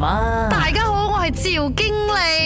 哇大家好，我係趙經理。